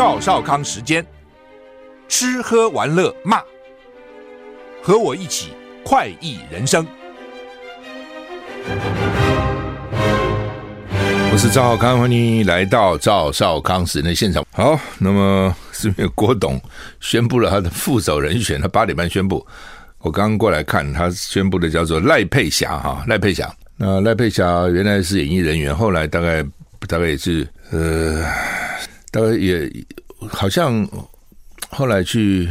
趙少康時間，吃喝玩樂罵，和我一起快意人生。我是趙少康，歡迎來到趙少康時間的現場。好，那麼是，是郭董宣布了他的副手人選，他八點半宣布。我剛剛過來看他宣布的叫做賴佩霞哈，賴佩霞。那賴佩霞原來是演藝人員，後來大概大概也是呃。當然也好像後來去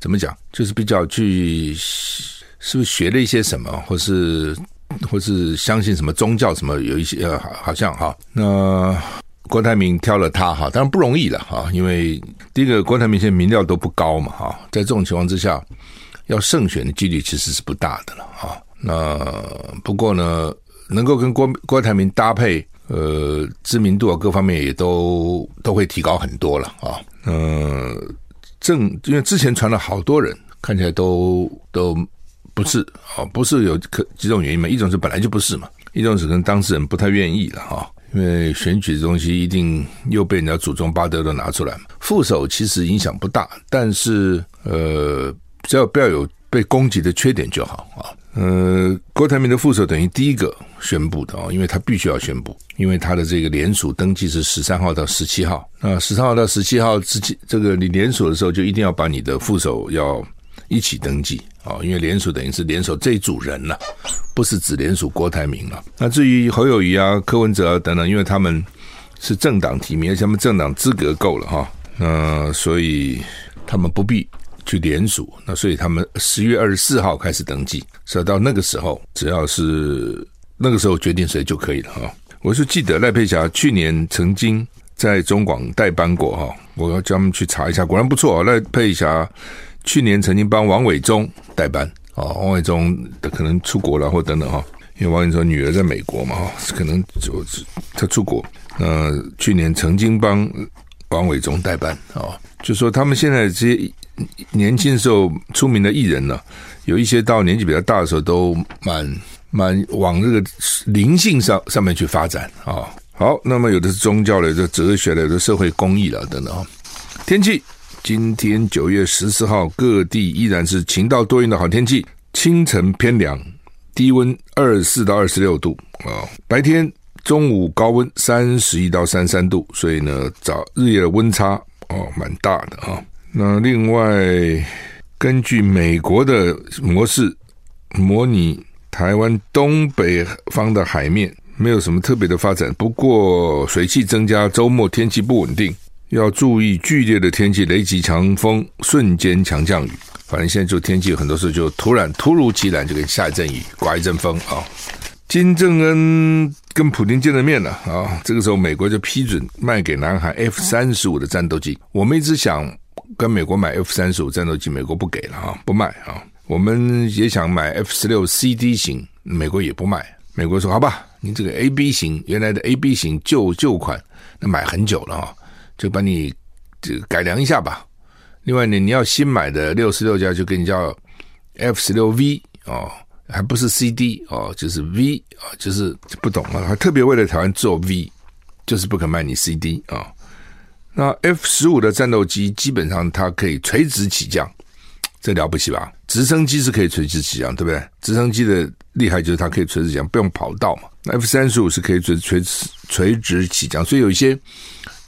怎麼講，就是比較去是不是學了一些什麼，或是或是相信什麼宗教什麼，有一些呃好像哈。那郭台銘挑了他哈，當然不容易了哈，因為第一個郭台銘現在民調都不高嘛哈，在這種情況之下，要勝選的幾率其實是不大的了哈。那不過呢，能夠跟郭郭台銘搭配。呃，知名度啊，各方面也都都會提高很多了啊。嗯、呃，正因為之前傳了好多人，看起來都都不是啊，不是有可幾種原因嘛？一種是本來就不是嘛，一種是可能當事人不太願意了啊。因為選舉的東西一定又被人家祖宗八德都拿出來。副手其實影響不大，但是呃、啊，只要不要有被攻擊的缺點就好啊。呃，郭台銘的副手等於第一個宣布的哦，因為他必須要宣布，因為他的這個聯署登記是十三號到十七號。那十三號到十七號之間，這個你聯署的時候，就一定要把你的副手要一起登記啊，哦，因為聯署等於是聯署這一組人了，啊，不是只聯署郭台銘了，啊。那至於侯友宜啊，柯文哲啊等等，因為他們是政黨提名，而且他們政黨資格夠了哈，那所以他們不必。去聯署，那所以他們十月二十四號開始登記，所以到那個時候，只要是那個時候決定誰就可以了哈。我是記得賴佩霞去年曾經在中廣代班過哈，我要叫他們去查一下，果然不錯。賴佩霞去年曾經幫王偉忠代班啊，王偉忠可能出國了或等等哈，因為王偉忠女兒在美國嘛哈，可能就他出國。呃，去年曾經幫王偉忠代班啊。就說他們現在這些年輕時候出名的藝人呢、啊，有一些到年紀比較大的時候都蠻蠻往這個靈性上上面去發展啊、哦。好，那麼有的是宗教的，有的是哲學的，有的是社會公益了等等、哦。天氣今天九月十四號，各地依然是晴到多雲的好天氣，清晨偏涼，低溫二四到二十六度啊、哦。白天中午高溫三十一到三三度，所以呢，早日夜的溫差，哦，蠻大的啊、哦。那另外，根據美國的模式模擬，台灣東北方的海面沒有什麼特別的發展。不過水汽增加，週末天氣不穩定，要注意劇烈的天氣、雷擊、強風、瞬間強降雨。反正現在就天氣有很多時候就突然、突如其來，就給下一陣雨、颳一陣風啊、哦。金正恩跟普丁見了面了啊、哦！這個時候，美國就批准賣給南韓 F 三十五的戰鬥機。我們一直想跟美國買 F 三十五戰鬥機，美國不給了啊，不賣啊、哦。我們也想買 F 十六 CD 型，美國也不賣。美國說：“好吧，你這個 AB 型，原來的 AB 型舊舊款，那買很久了啊，就把你這改良一下吧。另外呢，你要新買的六十六架就給你叫 F 十六 V 啊、哦。”還不是 CD 哦，就是 V 啊，就是不懂啊。還特別為了台灣做 V，就是不肯賣你 CD 啊。那 F 十五的戰鬥機基本上它可以垂直起降，這了不起吧？直升機是可以垂直起降，對不對？直升機的厲害就是它可以垂直起降，不用跑道嘛。那 F 三十五是可以垂直垂直垂直起降，所以有一些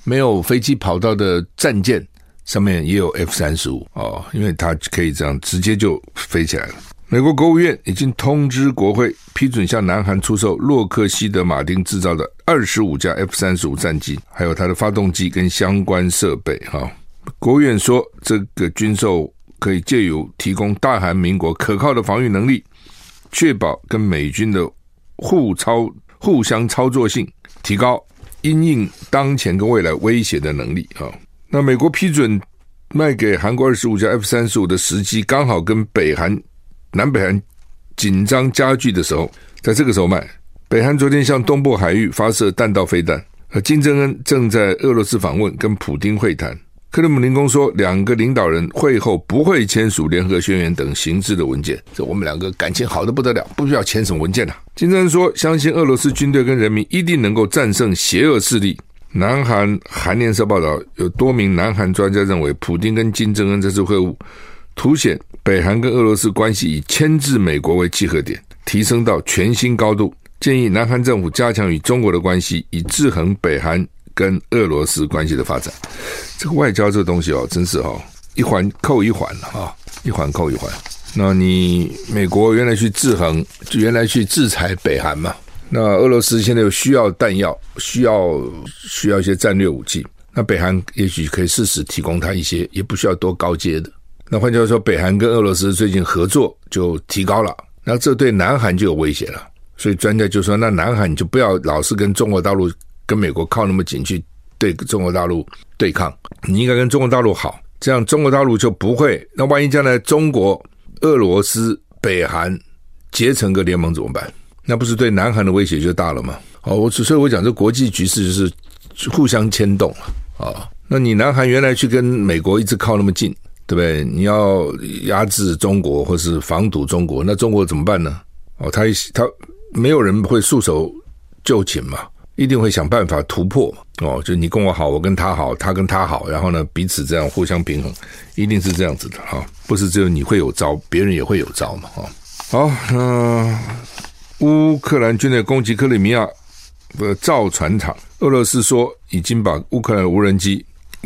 沒有飛機跑道的戰艦上面也有 F 三十五哦，因為它可以這樣直接就飛起來了。美國國務院已經通知國會批准向南韓出售洛克希德馬丁製造的二十五架 F 三十五戰機，還有它的發動機跟相關設備。哈，國務院說，這個軍售可以借由提供大韓民國可靠的防禦能力，確保跟美軍的互操互相操作性提高，因應當前跟未來威脅的能力。哈，那美國批准賣給韓國二十五架 F 三十五的時機，剛好跟北韓。南北韓緊張加劇的時候，在這個時候賣。北韓昨天向東部海域發射彈道飛彈，而金正恩正在俄羅斯訪問，跟普丁會談。克里姆林宮說，兩個領導人會後不會簽署聯合宣言等形式的文件。這我們兩個感情好的不得了，不需要簽什麼文件啦、啊。金正恩說，相信俄羅斯軍隊跟人民一定能夠戰勝邪惡勢力。南韓韓聯社報道，有多名南韓專家認為，普丁跟金正恩這次會晤。凸顯北韓跟俄羅斯關係，以牽制美國為契合點，提升到全新高度。建議南韓政府加強與中國的關係，以制衡北韓跟俄羅斯關係的發展。這個外交這個東西哦，真是哦，一環扣一環了啊，一環扣一環。那你美國原來去制衡，就原來去制裁北韓嘛？那俄羅斯現在又需要彈藥，需要需要一些戰略武器，那北韓也許可以適時提供他一些，也不需要多高階的。那換句話說，北韓跟俄羅斯最近合作就提高了，那這對南韓就有威脅了。所以專家就說，那南韓你就不要老是跟中國大陸、跟美國靠那麼緊去對中國大陸對抗，你應該跟中國大陸好，這樣中國大陸就不會。那萬一將來中國、俄羅斯、北韓結成個聯盟怎麼辦？那不是對南韓的威脅就大了嗎？哦，我所，所以我講這國際局勢就是互相牽動啊。哦，那你南韓原來去跟美國一直靠那麼近。對不對？你要壓制中國，或是防堵中國，那中國怎麼辦呢？哦，他他沒有人會束手就擒嘛，一定會想辦法突破哦。就你跟我好，我跟他好，他跟他好，然後呢彼此這樣互相平衡，一定是這樣子的哈、哦。不是只有你會有招，別人也會有招嘛哈、哦。好，那、呃、烏克蘭軍隊攻擊克里米亞的、呃、造船廠，俄羅斯說已經把烏克蘭無人機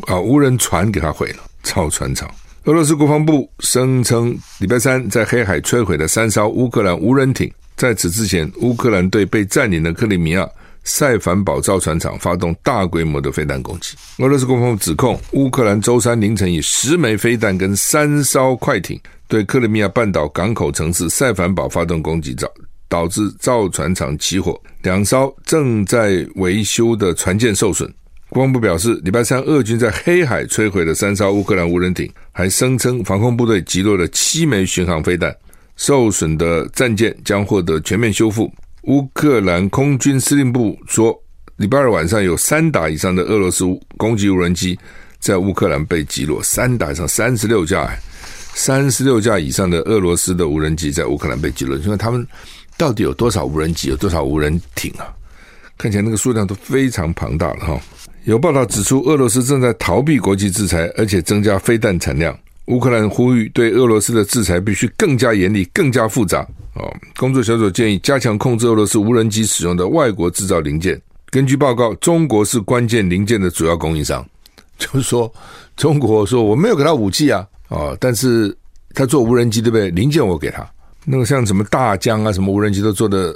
啊、呃、無人船給他毀了，造船廠。俄羅斯國防部聲稱，禮拜三在黑海摧毀了三艘烏克蘭無人艇。在此之前，烏克蘭對被佔領的克里米亞塞凡堡造船廠發動大規模的飛彈攻擊。俄羅斯國防部指控，烏克蘭周三凌晨以十枚飛彈跟三艘快艇對克里米亞半島港口城市塞凡堡發動攻擊，造導致造船廠起火，兩艘正在維修的船艦受損。國防部表示，禮拜三俄軍在黑海摧毀了三艘烏克蘭無人艇，還聲稱防空部隊擊落了七枚巡航飛彈。受損的戰艦將獲得全面修復。烏克蘭空軍司令部說，禮拜二晚上有三打以上的俄羅斯攻擊無人機在烏克蘭被擊落，三打以上三十六架，哎，三十六架以上的俄羅斯的無人機在烏克蘭被擊落。你看他們到底有多少無人機，有多少無人艇啊？看起來那個數量都非常龐大了哈。有報道指出，俄羅斯正在逃避國際制裁，而且增加飛彈產量。烏克蘭呼籲對俄羅斯的制裁必須更加嚴厲、更加複雜。哦，工作小組建議加強控制俄羅斯無人機使用的外國製造零件。根據報告，中國是關鍵零件的主要供應商。就是說，中國說我沒有給他武器啊，哦，但是他做無人機對不對？零件我給他。那個像什麼大疆啊，什麼無人機都做的。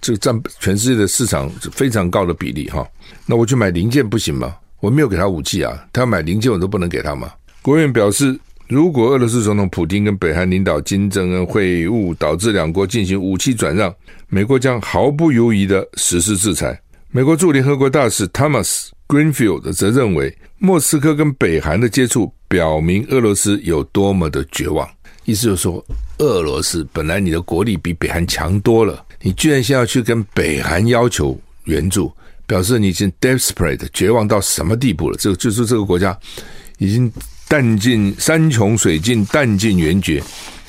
這占全世界的市場非常高的比例哈，那我去買零件不行嗎？我沒有給他武器啊，他要買零件我都不能給他嗎？國務院表示，如果俄羅斯總統普丁跟北韓領導金正恩會晤，導致兩國進行武器轉讓，美國將毫不猶豫地實施制裁。美國駐聯合國大使 Thomas Greenfield 則認為，莫斯科跟北韓的接觸表明俄羅斯有多麼的絕望。意思就是說，俄羅斯本來你的國力比北韓強多了。你居然先要去跟北韓要求援助，表示你已經 desperate 絕望到什麼地步了？這個就是這個國家已經彈盡山窮水盡、彈盡援絕，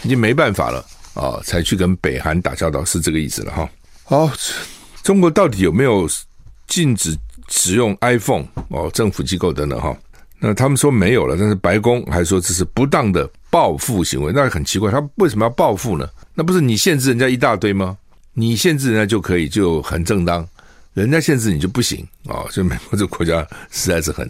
已經沒辦法了啊、哦！才去跟北韓打交道是這個意思了哈。好、哦，中國到底有沒有禁止使用 iPhone 哦？政府機構等等哈？那他們說沒有了，但是白宮還說這是不當的報復行為。那很奇怪，他為什麼要報復呢？那不是你限制人家一大堆嗎？你限制人家就可以就很正當，人家限制你就不行啊、哦！所以美國這個國家實在是很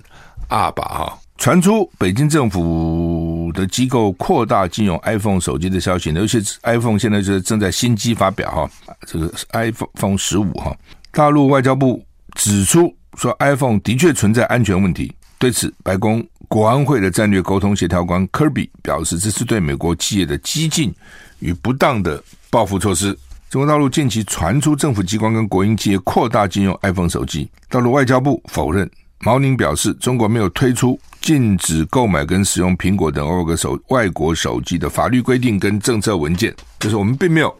二吧哈，傳出北京政府的機構擴大禁用 iPhone 手機的消息，尤其是 iPhone 現在就是正在新機發表哈，這個 iPhone 十五哈。大陸外交部指出說，iPhone 的確存在安全問題。對此，白宮國安會的戰略溝通協調官 Kirby 表示，這是對美國企業的激進與不當的報復措施。中國大陸近期傳出政府機關跟國營企業擴大禁用 iPhone 手機，大陸外交部否認。毛寧表示，中國沒有推出禁止購買跟使用蘋果等外國手外國手機的法律規定跟政策文件，就是我們並沒有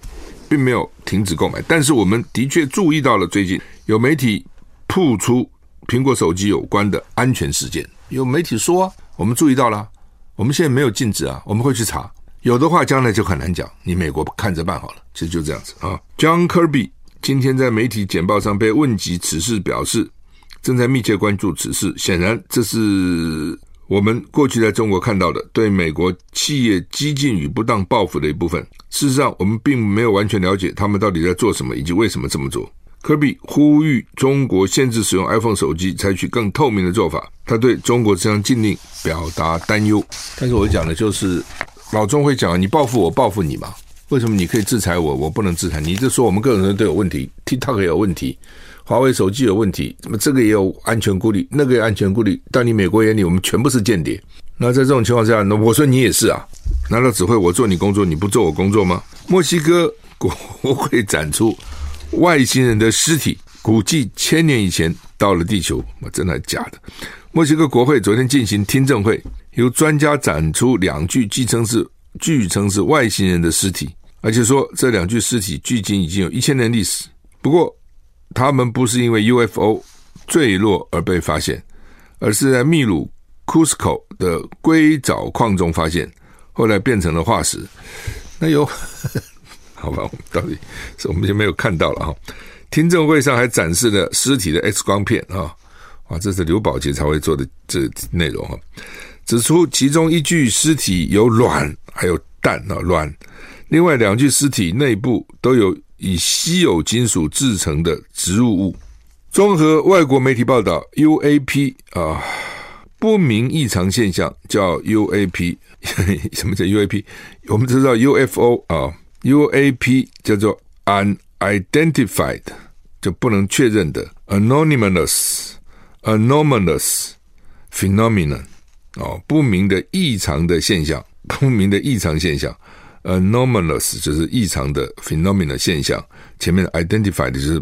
並沒有停止購買，但是我們的確注意到了最近有媒體曝出蘋果手機有關的安全事件，有媒體說啊，我們注意到了，我們現在沒有禁止啊，我們會去查。有的話，將來就很難講。你美國看着辦好了，其實就這樣子啊。John Kirby 今天在媒體簡報上被問及此事，表示正在密切關注此事。顯然，這是我們過去在中國看到的對美國企業激進與不當報復的一部分。事實上，我們並沒有完全了解他們到底在做什麼，以及為什麼這麼做。Kirby 呼籲中國限制使用 iPhone 手機，採取更透明的做法。他對中國這項禁令表達擔憂。但是，我講的就是。老中會講，你報復我，報復你嘛？為什麼你可以制裁我，我不能制裁你？就說我們個人都有問題，TikTok 也有問題，華為手機有問題，怎麼這個也有安全顧慮，那個也有安全顧慮？到你美國眼裡，我們全部是間諜。那在這種情況下，那我說你也是啊？難道只會我做你工作，你不做我工作嗎？墨西哥國會展出外星人的屍體，估計千年以前。到了地球，真的假的？墨西哥國會昨天進行聽證會，由專家展出兩具據稱是、據稱是外星人的屍體，而且說這兩具屍體距今已經有一千年歷史。不過，他們不是因為 UFO 墜落而被發現，而是在秘魯 CUSCO 的硅藻礦中發現，後來變成了化石。那有，呵呵，好吧，我們到底是我們就沒有看到了啊。聽證會上還展示了屍體的 X 光片，啊，啊，這是劉寶傑才會做的這內容哈、哦，指出其中一具屍體有卵，還有蛋啊、哦、卵，另外兩具屍體內部都有以稀有金屬制成的植入物，物。綜合外國媒體報道，UAP 啊，不明異常現象叫 UAP， 什麼叫 UAP？我們知道 UFO 啊，UAP 叫做 unidentified。就不能確認的 anonymous, anomalous phenomenon，哦，不明的異常的現象，不明的異常現象，anomalous 就是異常的 phenomenon 現象，前面 identified 就是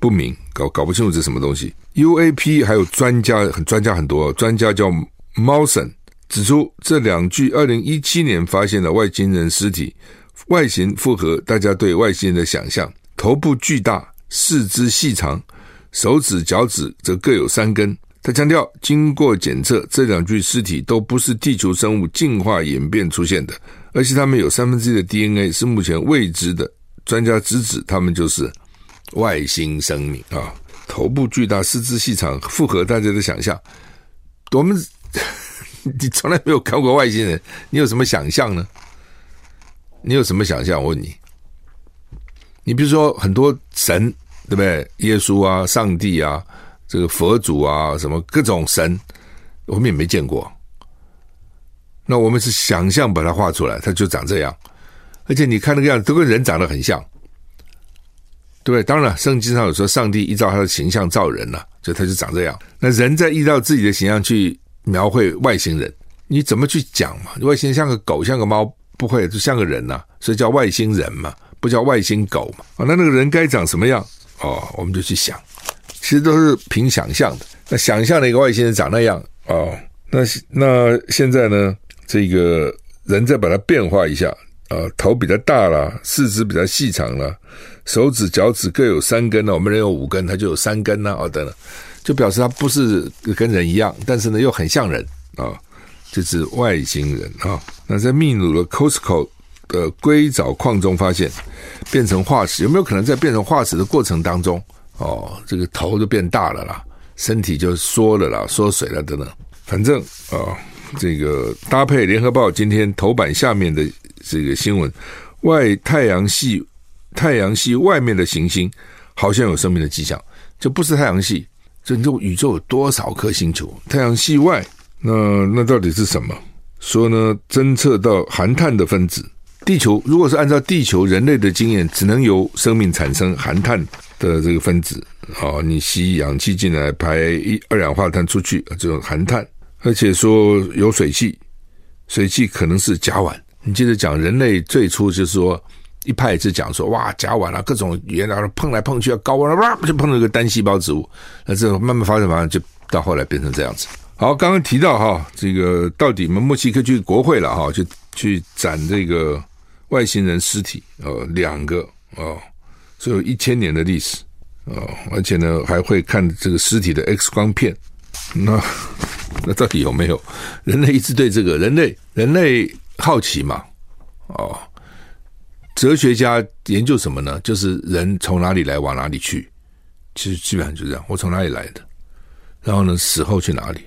不明搞搞不清楚這什麼東西。UAP 還有專家，專家很多，專家叫 Maussan 指出，這兩具二零一七年發現的外星人屍體，外形符合大家對外星人的想象，頭部巨大。四肢細長，手指、腳趾則各有三根。他強調，經過檢測，這兩具屍體都不是地球生物進化演變出現的，而且他們有三分之一的 DNA 是目前未知的。專家直指，他們就是外星生命啊、哦！頭部巨大，四肢細長，符合大家的想象。我們， 你從來沒有看過外星人，你有什麼想象呢？你有什麼想象？我問你，你比如說很多神。對不對？耶穌啊，上帝啊，這個佛祖啊，什麼各種神，我們也沒見過。那我們是想象把它畫出來，它就長這樣。而且你看那個樣子，都跟人長得很像，對不對？當然了，聖經上有說上帝依照他的形象造人了、啊，就他就長這樣。那人在依照自己的形象去描繪外星人，你怎麼去講嘛？外星人像個狗，像個貓，不會就像個人吶、啊，所以叫外星人嘛，不叫外星狗嘛。啊，那那個人該長什麼樣？哦，我們就去想，其實都是憑想象的。那想象的一個外星人長那樣哦，那那現在呢，這個人再把它變化一下啊、哦，頭比較大了，四肢比較細長了，手指、腳趾各有三根呢、啊，我們人有五根，它就有三根呢、啊。哦，等等。就表示它不是跟人一樣，但是呢又很像人啊、哦，就是外星人啊、哦。那在秘魯的 Costco。的硅藻礦中發現變成化石，有沒有可能在變成化石的過程當中，哦，這個頭就變大了啦，身體就縮了啦，縮水了等等。反正啊，哦，這個搭配聯合報今天頭版下面的這個新聞，外太陽系太陽系外面的行星好像有生命的跡象，就不是太陽系，這宇宙有多少顆星球？太陽系外那那到底是什麼？說呢，偵測到含碳的分子。地球如果是按照地球人類的經驗，只能由生命產生含碳的這個分子。哦，你吸氧氣進來，排一二氧化碳出去，這種含碳，而且說有水汽，水汽可能是甲烷。你記得講人類最初就是說一派是講說，哇，甲烷啊各種原來碰來碰去高溫，啊、就碰到一個單細胞植物，那這種慢慢發展完了就到後來變成這樣子。好，剛剛提到哈，這個到底我們墨西哥去國會了哈，去去展這個。外星人屍體，呃，兩個，哦、呃，所以有一千年的歷史，哦、呃，而且呢，還會看這個屍體的 X 光片，那那到底有沒有？人類一直對這個人類人類好奇嘛，哦、呃，哲學家研究什麼呢？就是人從哪裡來，往哪裡去，其實基本上就這樣，我從哪裡來的，然後呢，死後去哪裡，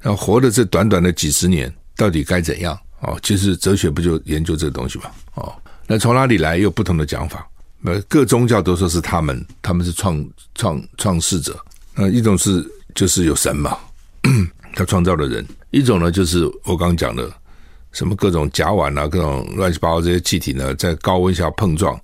然後活的這短短的幾十年，到底該怎樣？哦，其實哲學不就研究這個東西嘛？哦，那從哪裡來？也有不同的講法。那各宗教都說是他們，他們是創創創世者。那一種是就是有神嘛，他創造的人；一種呢就是我剛剛講的，什麼各種甲烷啊，各種亂七八糟這些氣體呢，在高溫下碰撞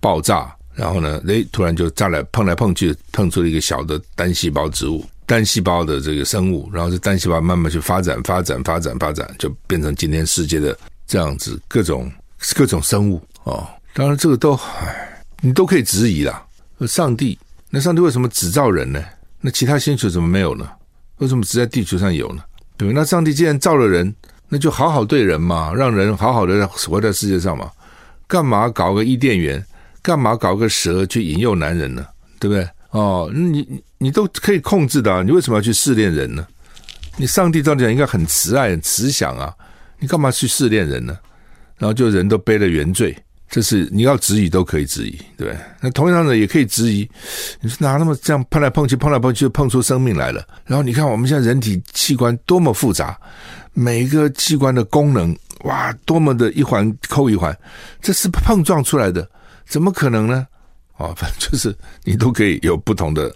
爆炸，然後呢，誒，突然就炸來碰來碰去，碰出了一個小的單細胞植物。單細胞的這個生物，然後這單細胞慢慢去發展、發展、發展、發展，就變成今天世界的這樣子，各種各種生物哦。當然，這個都唉，你都可以質疑啦。上帝，那上帝為什麼只造人呢？那其他星球怎麼沒有呢？為什麼只在地球上有呢？對不對？那上帝既然造了人，那就好好對人嘛，讓人好好的活在世界上嘛。幹嘛搞個伊甸園？幹嘛搞個蛇去引誘男人呢？對不對？哦，那你。你都可以控制的，啊，你為什麼要去試煉人呢？你上帝到底講應該很慈愛、很慈祥啊，你幹嘛去試煉人呢？然後就人都背了原罪，這是你要質疑都可以質疑，對？那同樣的也可以質疑，你說哪那麼這樣碰來碰去、碰來碰去，碰出生命來了？然後你看我們現在人體器官多麼複雜，每一個器官的功能哇，多麼的一環扣一環，這是碰撞出來的，怎麼可能呢？啊，反正就是你都可以有不同的。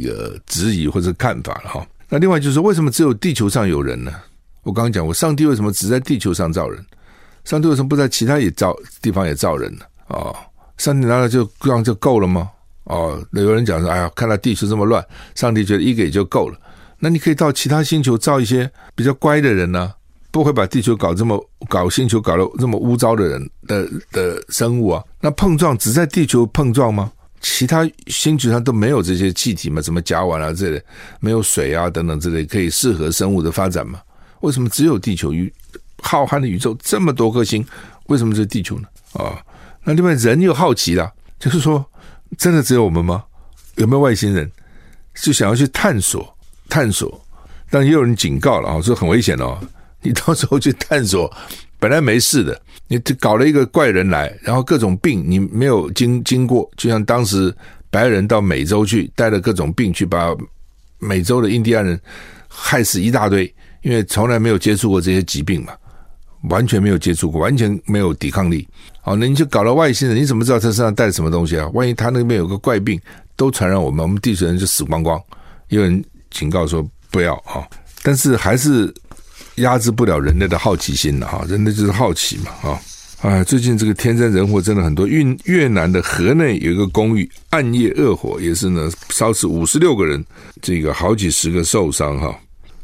這個質疑或者看法了哈。那另外就是，為什麼只有地球上有人呢？我剛剛講過，我上帝為什麼只在地球上造人？上帝為什麼不在其他也造地方也造人呢？哦，上帝難道就這樣就夠了嗎？哦，有人講說，哎呀，看到地球這麼亂，上帝覺得一個也就夠了。那你可以到其他星球造一些比較乖的人呢，啊，不會把地球搞這麼搞星球搞得這麼污糟的人的的、的生物啊？那碰撞只在地球碰撞嗎？其他星球上都沒有這些氣體嘛？什麼甲烷啊，這類沒有水啊，等等，這類，可以適合生物的發展嘛，為什麼只有地球，宇，浩瀚的宇宙這麼多顆星，為什麼是地球呢？啊，那另外人又好奇了啊，就是說，真的只有我們嗎？有沒有外星人？就想要去探索探索，但也有人警告了啊，說很危險哦，你到時候去探索，本來沒事的。你這搞了一個怪人來，然後各種病你沒有經經過，就像當時白人到美洲去，帶了各種病去把美洲的印第安人害死一大堆，因為從來沒有接觸過這些疾病嘛，完全沒有接觸過，完全沒有抵抗力。哦，那你就搞了外星人，你怎麼知道他身上帶什麼東西啊？萬一他那邊有個怪病都傳染我們，我們地球人就死光光。有人警告說不要啊，哦，但是還是。壓制不了人類的好奇心了、啊、哈，人類就是好奇嘛啊，啊！最近這個天災人禍真的很多，越越南的河內有一個公寓暗夜惡火，也是呢燒死五十六個人，這個好幾十個受傷哈、啊，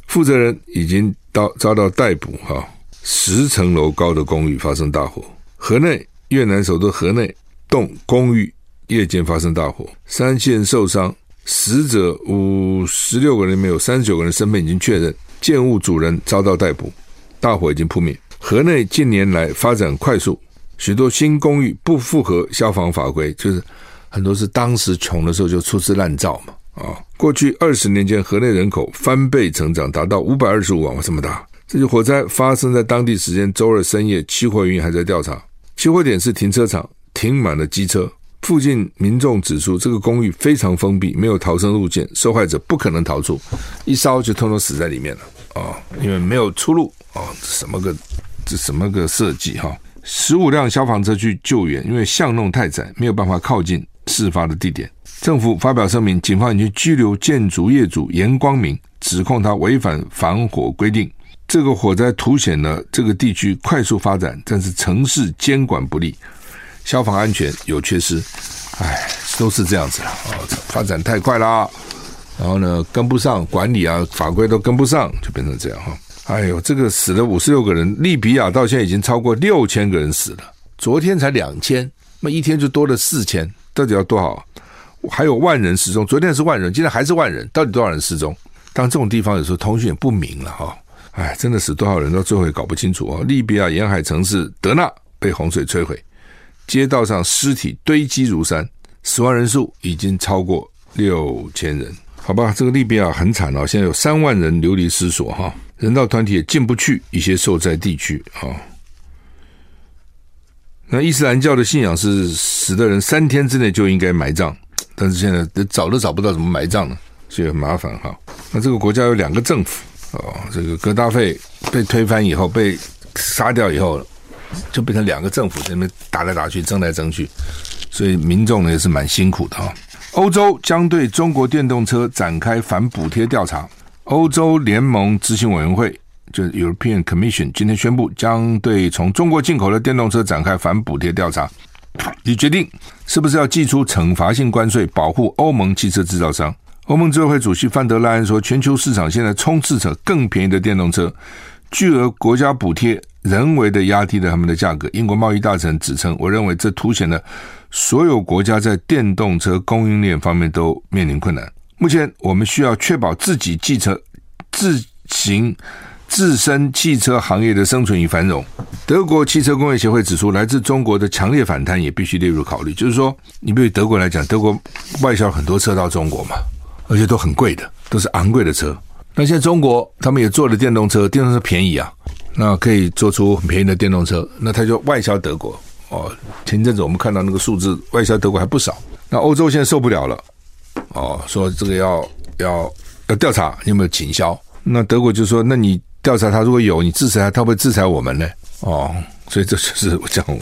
負責人已經到遭到逮捕哈，十、啊、層樓高的公寓發生大火，河內越南首都河內棟公寓夜間發生大火，三十七人受傷，死者五十六個人裡面有三十九個人身份已經確認。建物主人遭到逮捕，大火已經撲滅。河內近年來發展快速，許多新公寓不符合消防法規，就是很多是當時窮的時候就粗製濫造嘛。啊、哦，過去二十年間，河內人口翻倍成長，達到五百二十五萬這麼大。這起火災發生在當地時間周二深夜，起火原因還在調查。起火點是停車場，停滿了機車。附近民眾指出，這個公寓非常封閉，沒有逃生路線，受害者不可能逃出，一燒就通通死在裡面了。哦，因為沒有出路哦，什麼個這什麼個設計哈？十五輛消防車去救援，因為巷弄太窄，沒有辦法靠近事發的地點。政府發表聲明，警方已經拘留建築業主嚴光明，指控他違反防火規定。這個火災凸顯了這個地區快速發展，但是城市監管不力，消防安全有缺失。哎，都是這樣子了啊！哦、這發展太快了。然後呢，跟不上管理啊，法規都跟不上，就變成這樣哈、哦。哎呦，這個死了五十六個人，利比亞到現在已經超過六千個人死了。昨天才兩千，那一天就多了四千，到底要多少？還有萬人失蹤，昨天是萬人，今天還是萬人，到底多少人失蹤？當這種地方有時候通訊也不明了哈、哦。哎，真的死多少人，到最後也搞不清楚啊、哦。利比亞沿海城市德納被洪水摧毀，街道上屍體堆積如山，死亡人數已經超過六千人。好吧，這個利比亞很慘哦，現在有三萬人流離失所哈，人道團體也進不去一些受災地區啊。那伊斯蘭教的信仰是死的人三天之內就應該埋葬，但是現在找都找不到怎麼埋葬呢，所以很麻煩哈。那這個國家有兩個政府啊，這個格達費被推翻以後被殺掉以後，就變成兩個政府在那打來打打去，爭來爭去，所以民眾呢，也是蠻辛苦的啊。歐洲將對中國電動車展開反補貼調查。歐洲聯盟執行委員會（就是 European Commission） 今天宣布，將對從中國進口的電動車展開反補貼調查，以決定是不是要祭出懲罰性關稅，保護歐盟汽車製造商。歐盟執委會主席范德萊恩說：“全球市場現在充斥着更便宜的電動車，巨額國家補貼人為的壓低了他們的價格。”英國貿易大臣指稱：“我認為這凸顯了。”所有國家在電動車供應鏈方面都面臨困難。目前，我們需要確保自己汽車、自行、自身汽車行業的生存與繁榮。德國汽車工業協會指出，來自中國的強烈反彈也必須列入考慮。就是說，你比如德國來講，德國外銷很多車到中國嘛，而且都很貴的，都是昂貴的車。那現在中國他們也做了電動車，電動車便宜啊，那可以做出很便宜的電動車，那他就外銷德國。哦，前一陣子我們看到那個數字，外銷德國還不少。那歐洲現在受不了了，哦，說這個要要要調查你有沒有傾銷。那德國就說，那你調查他如果有，你制裁他，他會，會制裁我們呢。哦，所以這就是我講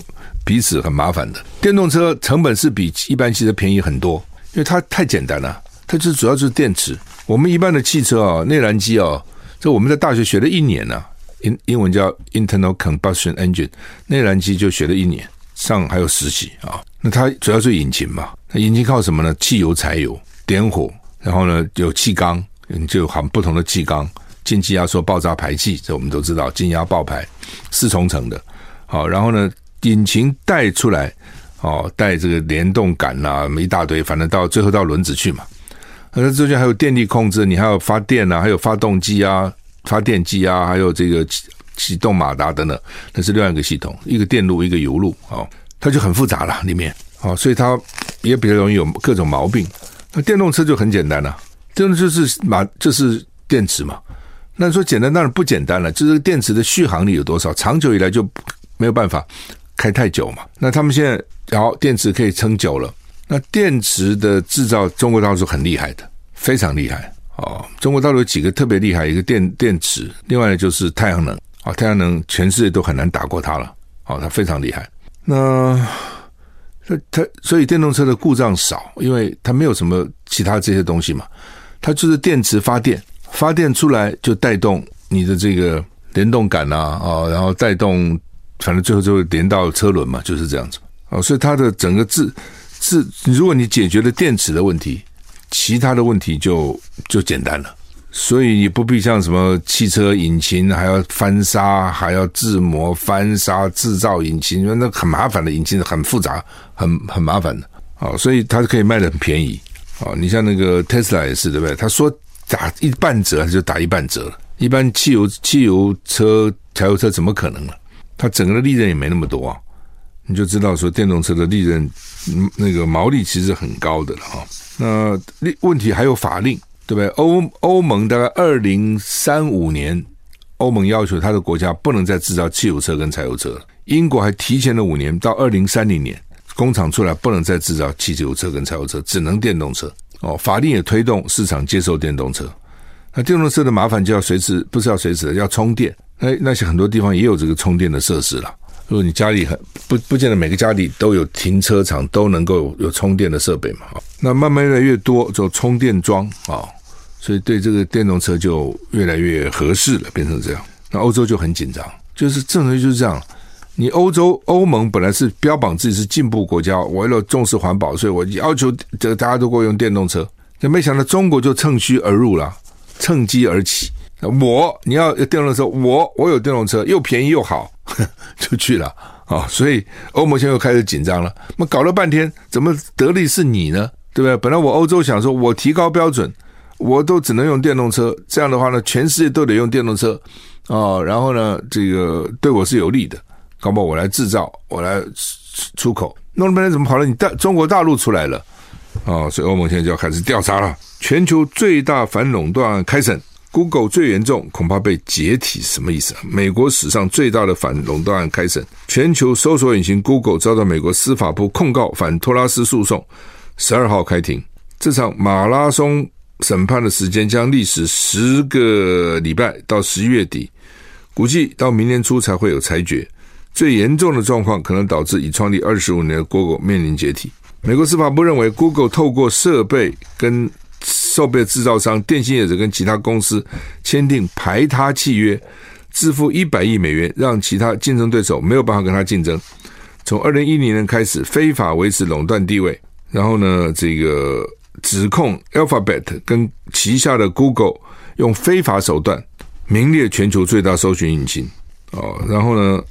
彼此很麻煩的。電動車成本是比一般汽車便宜很多，因為它太簡單了、啊，它就主要就是電池。我們一般的汽車啊、哦，內燃機啊、哦，這我們在大學學了一年呢、啊，英英文叫 internal combustion engine，內燃機就學了一年。上還有實習啊，那它主要是引擎嘛，那引擎靠什麼呢？汽油、柴油，點火，然後呢有氣缸，就含不同的氣缸，進氣壓縮、爆炸、排氣，這我們都知道，進壓爆排，四衝程的。好，然後呢，引擎帶出來，哦，帶這個聯動桿啦、啊，一大堆，反正到最後到輪子去嘛。那中間還有電力控制，你還有發電吶、啊，還有發動機啊，發電機啊，還有這個。啟動馬達等等，那是另外一個系統，一個電路，一個油路，哦，它就很複雜了，裡面，哦，所以它也比較容易有各種毛病。那電動車就很簡單了，啊，真的就是馬就是電池嘛。那說簡單當然不簡單了，啊，就是電池的續航力有多少，長久以來就沒有辦法開太久嘛。那他們現在，然，哦、後電池可以撐久了，那電池的製造，中國大陸是很厲害的，非常厲害哦。中國大陸有幾個特別厲害，一個電電池，另外呢就是太陽能。啊，太陽能全世界都很難打過它了，哦，它非常厲害。那，那它所以電動車的故障少，因為它沒有什麼其他這些東西嘛，它就是電池發電，發電出來就帶動你的這個聯動桿吶，啊，然後帶動，反正最後就會連到車輪嘛，就是這樣子。哦，所以它的整個自自，如果你解決了電池的問題，其他的問題就就簡單了。所以你不必像什麼汽車引擎還要翻砂，還要自磨翻砂製造引擎，那很麻煩的，引擎很複雜，很很麻煩的。好，所以它是可以賣的很便宜。好，你像那個特斯拉也是，對不對？他說打一半折就打一半折，一般汽油汽油車、柴油車怎麼可能呢、啊？它整個的利潤也沒那麼多啊。你就知道說電動車的利潤，那個毛利其實很高的了哈、哦。那問題還有法令。對不對？歐歐盟大概二零三五年，歐盟要求它的國家不能再製造汽油車跟柴油車了。英國還提前了五年，到二零三零年，工廠出來不能再製造汽油車跟柴油車，只能電動車。哦，法令也推動市場接受電動車。那電動車的麻煩就要隨時，不是要隨時的，要充電。哎，那些很多地方也有這個充電的設施了。如果你家裡很不，不見得每個家裡都有停車場，都能夠有，有充電的設備嘛？那慢慢越來越多做充電樁啊、哦，所以對這個電動車就越來越合適了，變成這樣。那歐洲就很緊張，就是正常就是這樣。你歐洲歐盟本來是標榜自己是進步國家，為了重視環保，所以我要求這個大家都給我用電動車。那沒想到中國就趁虛而入了，趁機而起。我你要電動車，我我有電動車，又便宜又好，呵呵就去了啊、哦。所以歐盟現在又開始緊張了。那搞了半天，怎麼得利是你呢？對不對？本來我歐洲想說，我提高標準，我都只能用電動車。這樣的話呢，全世界都得用電動車啊、哦。然後呢，這個對我是有利的，搞不好我來製造，我來出口。弄了半天怎麼跑到你大中國大陸出來了啊、哦！所以歐盟現在就要開始調查了。全球最大反壟斷案開審，Google 最嚴重，恐怕被解體，什麼意思？美國史上最大的反壟斷案開審，全球搜索引擎 Google 遭到美國司法部控告反托拉斯訴訟。十二號開庭，這場馬拉松審判的時間將歷時十個禮拜，到十一月底，估計到明年初才會有裁決。最嚴重的狀況可能導致已創立二十五年的 Google 面臨解體。美國司法部認為，Google 透過設備跟設備製造商、電信業者跟其他公司簽訂排他契約，支付一百億美元，讓其他競爭對手沒有辦法跟他競爭。從二零一零年開始，非法維持壟斷地位。然後呢，這個指控 Alphabet 跟旗下的 Google 用非法手段名列全球最大搜尋引擎哦。然後呢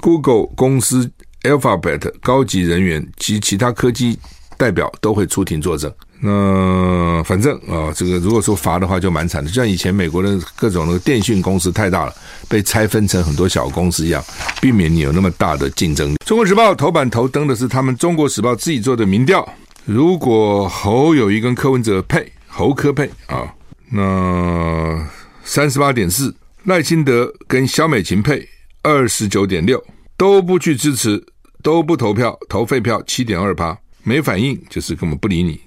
，Google 公司 Alphabet 高級人員及其他科技代表都會出庭作證。那反正啊，哦，這個如果說罰的話，就蠻慘的。就像以前美國的各種那個電訊公司太大了，被拆分成很多小公司一樣，避免你有那麼大的競爭力。中國時報頭版頭登的是他們中國時報自己做的民調。如果侯友宜跟柯文哲配，侯柯配啊、哦，那三十八點四，賴清德跟蕭美琴配二十九點六，都不去支持，都不投票，投廢票七點二八，沒反應就是根本不理你，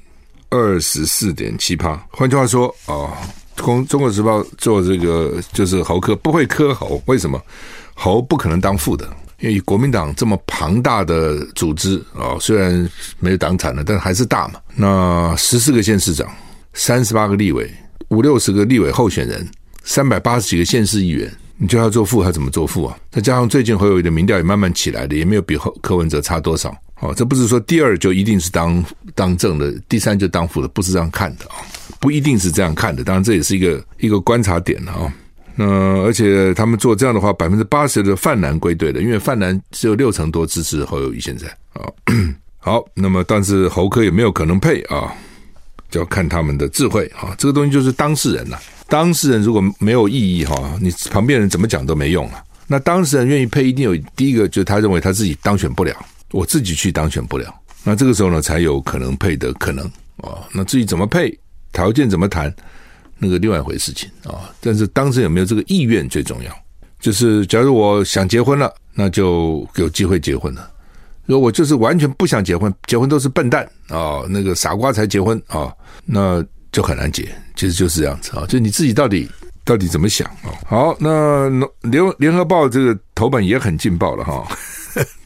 二十四點七八。換句話說啊，中、哦、中國時報做這個就是侯柯，不會柯侯，為什麼侯不可能當副的？因為國民黨這麼龐大的組織啊、哦，雖然沒有黨產了，但還是大嘛。那十四個縣市長，三十八個立委，五六十個立委候選人，三百八十幾個縣市議員，你叫他做副，他怎麼做副啊？再加上最近侯友宜的民調也慢慢起來的，也沒有比柯文哲差多少。哦，這不是說第二就一定是當當正的，第三就當副的，不是這樣看的啊、哦，不一定是這樣看的。當然這也是一個一個觀察點啊。哦那而且他們做這樣的話80，百分之八十的泛藍歸隊了，因為泛藍只有六成多支持侯友宜現在啊。好，那麼但是侯柯有沒有可能配啊，就要看他們的智慧啊。這個東西就是當事人吶、啊，當事人如果沒有異議哈，你旁邊人怎麼講都沒用了、啊。那當事人願意配，一定有第一個，就是他認為他自己當選不了，我自己去當選不了，那這個時候呢才有可能配的可能啊。那至於怎麼配，條件怎麼談？那個另外一回事情啊，但是當時有沒有這個意願最重要。就是假如我想結婚了，那就有機會結婚了；如果我就是完全不想結婚，結婚都是笨蛋啊，那個傻瓜才結婚啊，那就很難結。其實就是這樣子啊，就你自己到底到底怎麼想啊？好，那聯聯合報這個頭版也很勁爆了哈，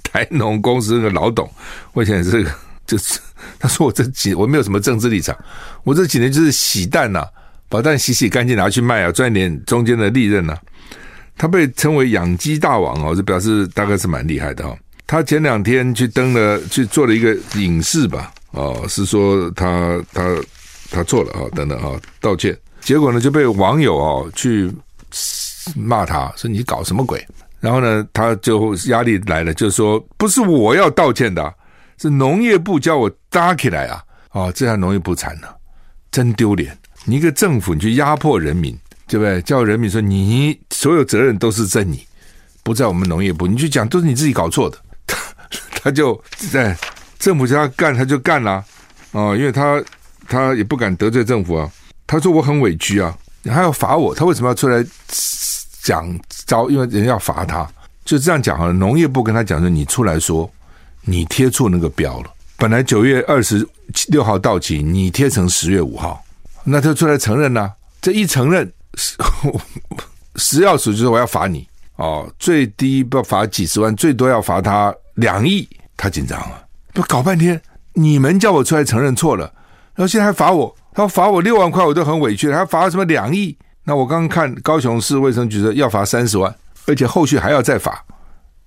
台農公司那個老董，我想這個就是他說我這幾我沒有什麼政治立場，我這幾年就是洗蛋吶、啊。把蛋洗洗乾淨拿去賣啊，賺一點中間的利潤啊。他被稱為“養雞大王”哦，就表示大概是蠻厲害的哦。他前兩天去登了去做了一個影視吧，哦，是說他他他錯了哦，等等啊、哦，道歉。結果呢就被網友哦去罵他說你搞什麼鬼？然後呢他就壓力來了，就說不是我要道歉的，是農業部叫我擔起來啊，啊、哦，這樣農業部慘了、啊，真丟臉。你一個政府，你去壓迫人民，對不對？叫人民說你所有責任都是在你，不在我們農業部。你去講都是你自己搞錯的，他，他就在、哎、政府叫他幹，他就幹了啊、哦，因為他他也不敢得罪政府啊。他說我很委屈啊，他要罰我，他為什麼要出來講招？因為人要罰他，就這樣講啊。農業部跟他講說，你出來說，你貼錯那個標了，本來九月二十六號到期，你貼成十月五號。那他出來承認呢、啊？這一承認，食藥 署就說我要罰你哦，最低不罰幾十萬，最多要罰他兩億，他緊張了，不搞半天，你們叫我出來承認錯了，然後現在還罰我，他要罰我六萬塊，我都很委屈。他罰什麼兩億？那我剛剛看高雄市衛生局說要罰三十萬，而且後續還要再罰，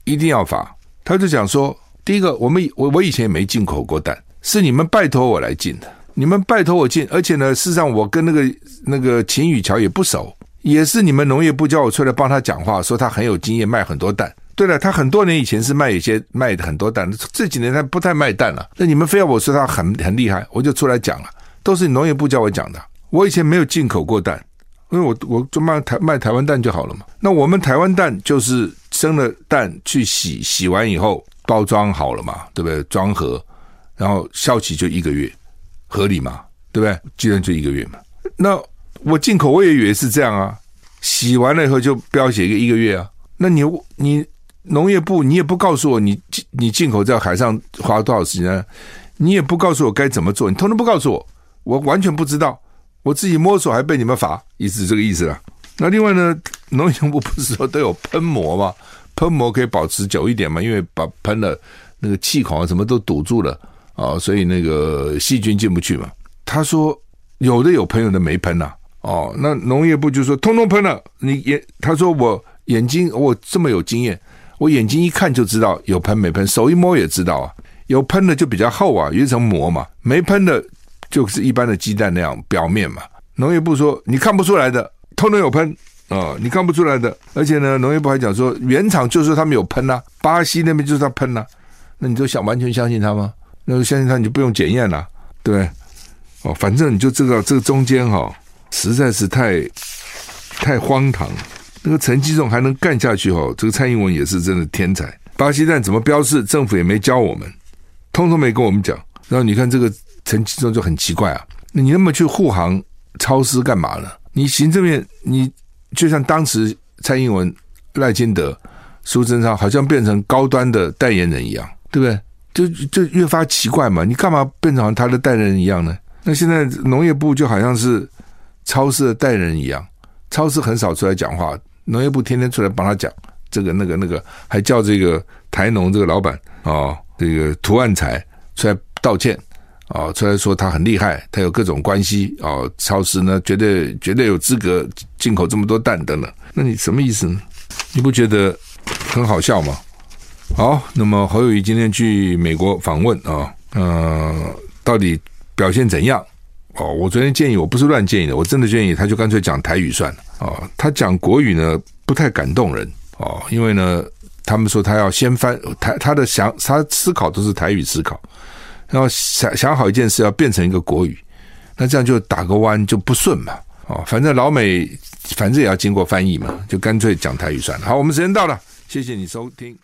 一定要罰。他就講說，第一個，我們我我以前也沒進口過蛋，是你們拜托我來進的。你們拜託我進，而且呢，事實上我跟那個那個秦語喬也不熟，也是你們農業部叫我出來幫他講話，說他很有經驗，賣很多蛋。對了，他很多年以前是賣一些賣很多蛋，這幾年他不太賣蛋了。那你們非要我說他很很厲害，我就出來講了，都是農業部叫我講的。我以前沒有進口過蛋，因為我我就賣台賣台灣蛋就好了嘛。那我們台灣蛋就是生了蛋去洗，洗完以後包裝好了嘛，對不對？裝盒，然後效期就一個月。合理嘛，對不對？既然就一個月嘛，那我進口我也以為是這樣啊。洗完了以後就標寫一個一個月啊。那你你農業部你也不告訴我你你進口在海上花了多少時間，你也不告訴我該怎麼做，你通通不告訴我，我完全不知道，我自己摸索還被你們罰，也是這個意思了啊。那另外呢，農業部不是說都有噴膜嗎？噴膜可以保持久一點嘛，因為把噴了那個氣孔啊什麼都堵住了。哦，所以那個細菌進不去嘛。他說有的有噴，有的沒噴吶、啊。哦，那農業部就說通通噴了。你眼他說我眼睛，我這麼有經驗，我眼睛一看就知道有噴沒噴，手一摸也知道啊。有噴的就比較厚啊，有一層膜嘛。沒噴的就是一般的雞蛋那樣表面嘛。農業部說你看不出來的，通通有噴啊、哦，你看不出來的。而且呢，農業部還講說原廠就說他們有噴吶、啊，巴西那邊就是他噴吶、啊。那你就想完全相信他嗎？那個相信他你就不用檢驗了，對、對，哦，反正你就知道這個、中間哈、哦，實在是太太荒唐。那個陳吉仲還能幹下去哈、哦，這個蔡英文也是真的天才。巴西蛋怎麼標示，政府也沒教我們，通通沒跟我們講。然後你看這個陳吉仲就很奇怪啊，你那麼去護航超市幹嘛呢？你行政院，你就像當時蔡英文、賴清德、蘇貞昌，好像變成高端的代言人一樣，對不對？就就越發奇怪嘛，你幹嘛變成他的代言人一樣呢？那現在農業部就好像是超市的代言人一樣，超市很少出來講話，農業部天天出來幫他講這個、那個、那個，還叫這個台農這個老闆啊，這個涂萬財出來道歉啊、哦，出來說他很厲害，他有各種關係啊，超市呢絕對絕對有資格進口這麼多蛋等等，那你什麼意思呢？你不覺得很好笑嗎？好，那麼侯友宜今天去美國訪問啊，嗯、呃，到底表現怎樣？哦，我昨天建議，我不是亂建議的，我真的建議，他就乾脆講台語算了。哦，他講國語呢，不太感動人哦，因為呢，他們說他要先翻，他他的想，他思考都是台語思考，然後想想好一件事要變成一個國語，那這樣就打個彎就不順嘛。哦，反正老美，反正也要經過翻譯嘛，就乾脆講台語算了。好，我們時間到了，謝謝你收聽。